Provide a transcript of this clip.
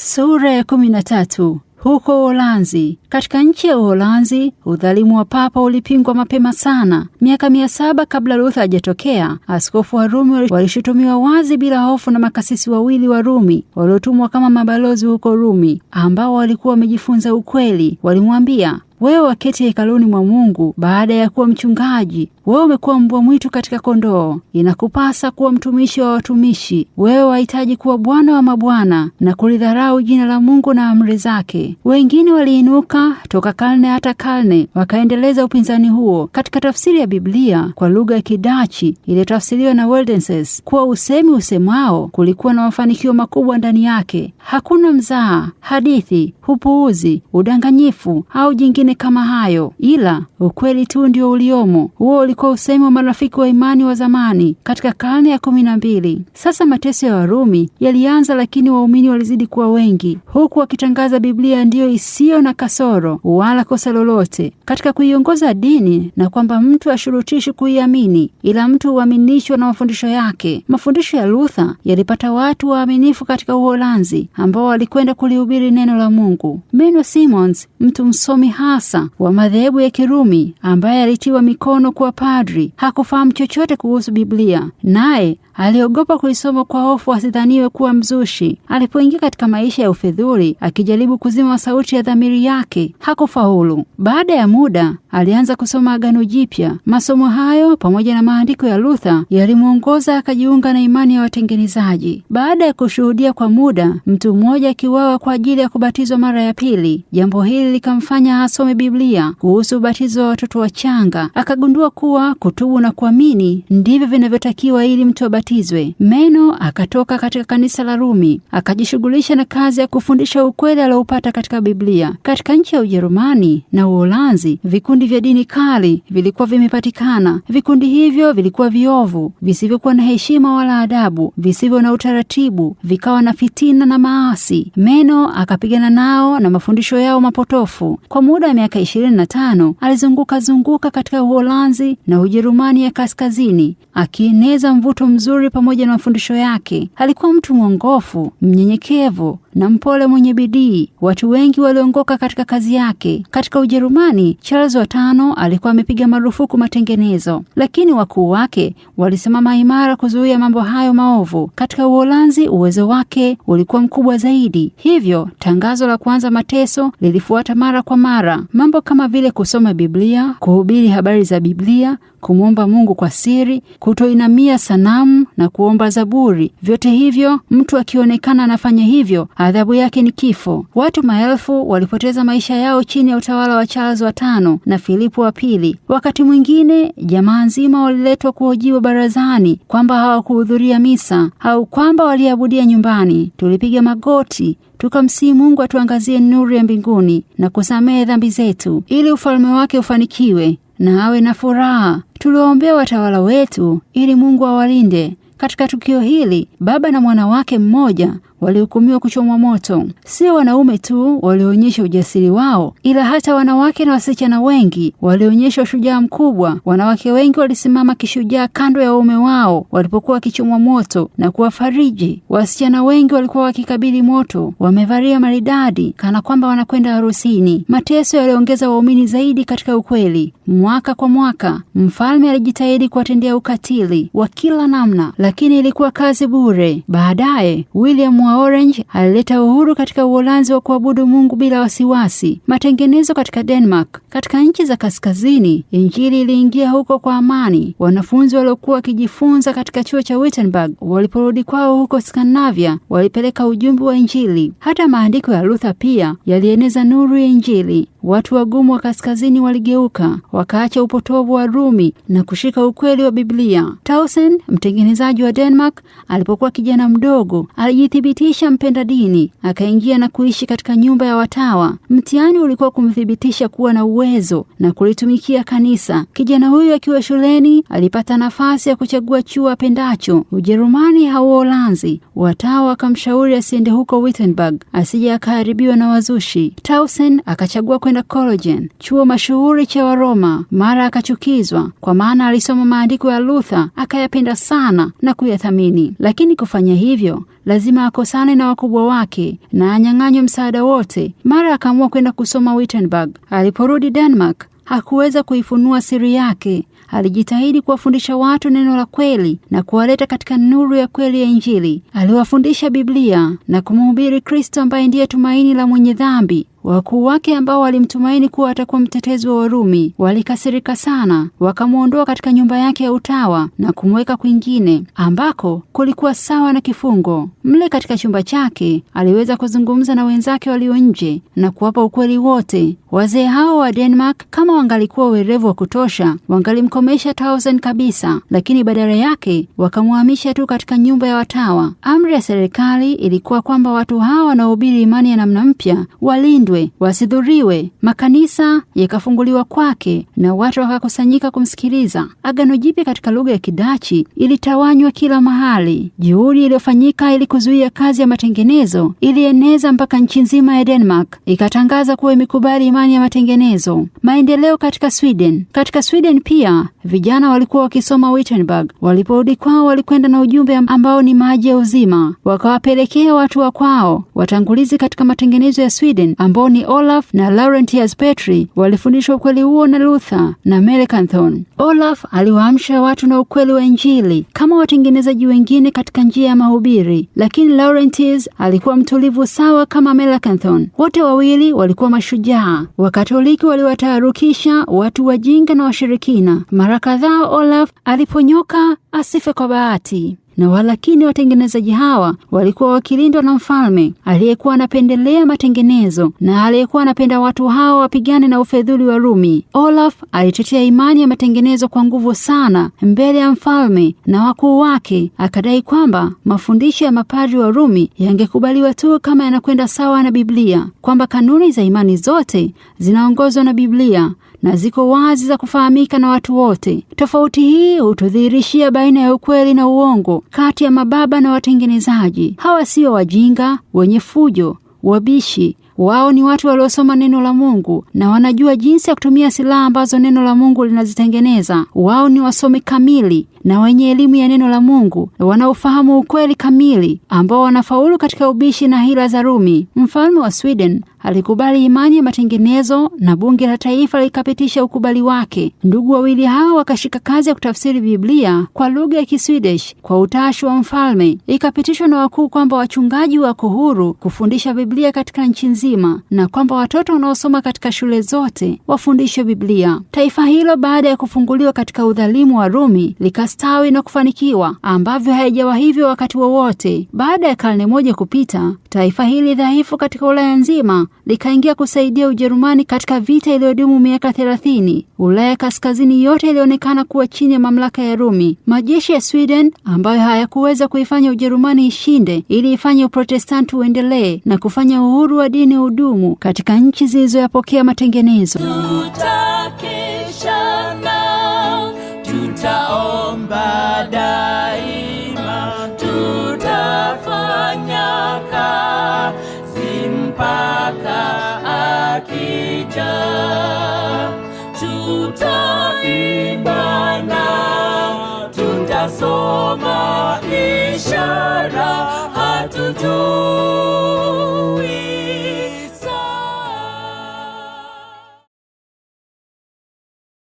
Sura ya kumi na tatu. Huko Uholanzi. Katika nchi ya Uholanzi, udhalimu wa papa ulipingwa mapema sana. Miaka mia saba kabla Luther hajatokea, askofu wa Rumi walishutumiwa wazi bila hofu na makasisi wawili wa Rumi waliotumwa kama mabalozi huko Rumi, ambao walikuwa wamejifunza ukweli. Walimwambia wewe waketi hekaluni mwa Mungu baada ya kuwa mchungaji, wewe umekuwa mbwa mwitu katika kondoo. Inakupasa kuwa mtumishi wa watumishi, wewe wahitaji kuwa bwana wa mabwana na kulidharau jina la Mungu na amri zake. Wengine waliinuka toka karne hata karne wakaendeleza upinzani huo. Katika tafsiri ya Biblia kwa lugha ya Kidachi iliyotafsiriwa na Waldenses kuwa usemi usemao kulikuwa na mafanikio makubwa ndani yake, hakuna mzaha, hadithi, upuuzi, udanganyifu au jingine mengine kama hayo, ila ukweli tu ndio uliomo. Huo ulikuwa usemi wa marafiki wa imani wa zamani katika karne ya kumi na mbili. Sasa mateso ya Warumi yalianza, lakini waumini walizidi kuwa wengi, huku wakitangaza Biblia ndiyo isiyo na kasoro wala kosa lolote katika kuiongoza dini, na kwamba mtu ashurutishi kuiamini, ila mtu huaminishwa na mafundisho yake. Mafundisho ya Luther yalipata watu waaminifu katika Uholanzi ambao walikwenda kulihubiri neno la Mungu. Menno Simons, mtu msomi ha mwanasiasa wa madhehebu ya Kirumi ambaye alitiwa mikono kuwa padri hakufahamu chochote kuhusu Biblia, naye aliogopa kuisoma kwa hofu asidhaniwe kuwa mzushi. Alipoingia katika maisha ya ufidhuli, akijaribu kuzima sauti ya dhamiri yake, hakufaulu. Baada ya muda, alianza kusoma Agano Jipya. Masomo hayo pamoja na maandiko ya Luther yalimwongoza akajiunga na imani ya watengenezaji. Baada ya kushuhudia kwa muda, mtu mmoja akiwawa kwa ajili ya kubatizwa mara ya pili, jambo hili likamfanya asome akasome Biblia kuhusu ubatizo wa watoto wachanga, akagundua kuwa kutubu na kuamini ndivyo vinavyotakiwa ili mtu abatizwe. Meno akatoka katika kanisa la Rumi, akajishughulisha na kazi ya kufundisha ukweli alioupata katika Biblia. Katika nchi ya Ujerumani na Uholanzi, vikundi vya dini kali vilikuwa vimepatikana. Vikundi hivyo vilikuwa viovu, visivyokuwa na heshima wala adabu, visivyo na utaratibu, vikawa na fitina na maasi. Meno akapigana nao na mafundisho yao mapotofu kwa muda miaka 25 alizunguka zunguka katika Uholanzi na Ujerumani ya Kaskazini akieneza mvuto mzuri pamoja na mafundisho yake. Alikuwa mtu mwongofu, mnyenyekevu na mpole mwenye bidii. Watu wengi waliongoka katika kazi yake. Katika Ujerumani, Charles tano alikuwa amepiga marufuku matengenezo, lakini wakuu wake walisimama imara kuzuia mambo hayo maovu. Katika Uholanzi, uwezo wake ulikuwa mkubwa zaidi, hivyo tangazo la kuanza mateso lilifuata mara kwa mara. Mambo kama vile kusoma Biblia, kuhubiri habari za Biblia, kumwomba Mungu kwa siri, kutoinamia sanamu na kuomba Zaburi, vyote hivyo, mtu akionekana anafanya hivyo adhabu yake ni kifo. Watu maelfu walipoteza maisha yao chini ya utawala wa Charles wa tano na Filipo wa pili. Wakati mwingine jamaa nzima waliletwa kuhojiwa barazani kwamba hawakuhudhuria misa au kwamba waliabudia nyumbani. Tulipiga magoti tukamsihi Mungu atuangazie nuru ya mbinguni na kusamehe dhambi zetu ili ufalme wake ufanikiwe na awe na furaha. Tuliwaombea watawala wetu ili Mungu awalinde. Katika tukio hili, baba na mwana wake mmoja walihukumiwa kuchomwa moto. Sio wanaume tu walioonyesha ujasiri wao, ila hata wanawake na wasichana wengi walionyesha ushujaa mkubwa. Wanawake wengi walisimama kishujaa kando ya waume wao walipokuwa wakichomwa moto na kuwafariji. Wasichana wengi walikuwa wakikabili moto wamevalia maridadi, kana kwamba wanakwenda harusini. Mateso yaliongeza waumini zaidi katika ukweli. Mwaka kwa mwaka, mfalme alijitahidi kuwatendea ukatili wa kila namna, lakini ilikuwa kazi bure. Baadaye William wa Orange alileta uhuru katika Uholanzi wa kuabudu Mungu bila wasiwasi. Matengenezo katika Denmark. Katika nchi za kaskazini, Injili iliingia huko kwa amani. Wanafunzi waliokuwa wakijifunza katika chuo cha Wittenberg waliporudi kwao huko Skandinavia, walipeleka ujumbe wa Injili. Hata maandiko ya Luther pia yalieneza nuru ya Injili. Watu wagumu wa kaskazini waligeuka wakaacha upotovu wa Rumi na kushika ukweli wa Biblia. Tausen, mtengenezaji wa Denmark, alipokuwa kijana mdogo alijithibitisha mpenda dini, akaingia na kuishi katika nyumba ya watawa. Mtihani ulikuwa kumthibitisha kuwa na uwezo na kulitumikia kanisa. Kijana huyu akiwa shuleni alipata nafasi ya kuchagua chuo apendacho, Ujerumani au Holanzi. Watawa akamshauri asiende huko Wittenberg, asije akaharibiwa na wazushi. Tausen akachagua kwenda Collagen, chuo mashuhuri cha Waroma. Mara akachukizwa, kwa maana alisoma maandiko ya Luther akayapenda sana na kuyathamini, lakini kufanya hivyo lazima akosane na wakubwa wake na anyang'anywe msaada wote. Mara akaamua kwenda kusoma Wittenberg. Aliporudi Denmark hakuweza kuifunua siri yake. Alijitahidi kuwafundisha watu neno la kweli na kuwaleta katika nuru ya kweli ya Injili. Aliwafundisha Biblia na kumhubiri Kristo ambaye ndiye tumaini la mwenye dhambi. Wakuu wake ambao walimtumaini kuwa atakuwa mtetezi wa Warumi walikasirika sana, wakamwondoa katika nyumba yake ya utawa na kumweka kwingine ambako kulikuwa sawa na kifungo. Mle katika chumba chake aliweza kuzungumza na wenzake walio nje na kuwapa ukweli wote. Wazee hao wa Denmark, kama wangalikuwa werevu wa kutosha, wangalimkomesha Tausen kabisa, lakini badala yake wakamhamisha tu katika nyumba ya watawa. Amri ya serikali ilikuwa kwamba watu hao wanaohubiri imani ya namna mpya walindwe wasifiwe, wasidhuriwe, makanisa yakafunguliwa kwake na watu wakakusanyika kumsikiliza. Agano Jipya katika lugha ya Kidachi ilitawanywa kila mahali. Juhudi iliyofanyika ili kuzuia kazi ya matengenezo ilieneza mpaka nchi nzima ya Denmark, ikatangaza kuwa imekubali imani ya matengenezo. Maendeleo katika Sweden. Katika Sweden pia vijana walikuwa wakisoma Wittenberg. Waliporudi kwao, walikwenda na ujumbe ambao ni maji ya uzima, wakawapelekea watu wa kwao, watangulizi katika matengenezo ya Sweden ambao Paoni Olaf na Laurentius Petri walifundishwa ukweli huo na Luther na Melanchthon. Olaf aliwaamsha watu na ukweli wa Injili kama watengenezaji wengine katika njia ya mahubiri, lakini Laurentius alikuwa mtulivu sawa kama Melanchthon. Wote wawili walikuwa mashujaa. Wakatoliki waliwataarukisha watu wajinga na washirikina. Mara kadhaa Olaf aliponyoka asife kwa bahati na walakini watengenezaji hawa walikuwa wakilindwa na mfalme aliyekuwa anapendelea matengenezo na aliyekuwa anapenda watu hawa wapigane na ufedhuli wa Rumi. Olaf alitetea imani ya matengenezo kwa nguvu sana mbele ya mfalme na wakuu wake, akadai kwamba mafundisho ya mapadri wa Rumi yangekubaliwa tu kama yanakwenda sawa na Biblia, kwamba kanuni za imani zote zinaongozwa na Biblia na ziko wazi za kufahamika na watu wote. Tofauti hii hutudhihirishia baina ya ukweli na uongo kati ya mababa na watengenezaji. Hawa sio wajinga, wenye fujo, wabishi wao ni watu waliosoma neno la Mungu na wanajua jinsi ya kutumia silaha ambazo neno la Mungu linazitengeneza. Wao ni wasomi kamili na wenye elimu ya neno la Mungu, wanaofahamu ukweli kamili, ambao wanafaulu katika ubishi na hila za Rumi. Mfalme wa Sweden alikubali imani ya matengenezo na bunge la taifa likapitisha ukubali wake. Ndugu wawili hao wakashika kazi ya kutafsiri Biblia kwa lugha ya Kiswedish kwa utashi wa mfalme. Ikapitishwa na wakuu kwamba wachungaji wako huru kufundisha Biblia katika nchi nzima na kwamba watoto wanaosoma katika shule zote wafundishwe Biblia. Taifa hilo baada ya kufunguliwa katika udhalimu wa Rumi likastawi na kufanikiwa ambavyo haijawa hivyo wakati wowote. Baada ya karne moja kupita, Taifa hili dhaifu katika Ulaya nzima likaingia kusaidia Ujerumani katika vita iliyodumu miaka thelathini. Ulaya kaskazini yote ilionekana kuwa chini ya mamlaka ya Rumi. Majeshi ya Sweden ambayo hayakuweza kuifanya Ujerumani ishinde, ili ifanye Uprotestanti uendelee na kufanya uhuru wa dini udumu katika nchi zilizoyapokea matengenezo Tutake. tutaimba tutasoma ishara hatutu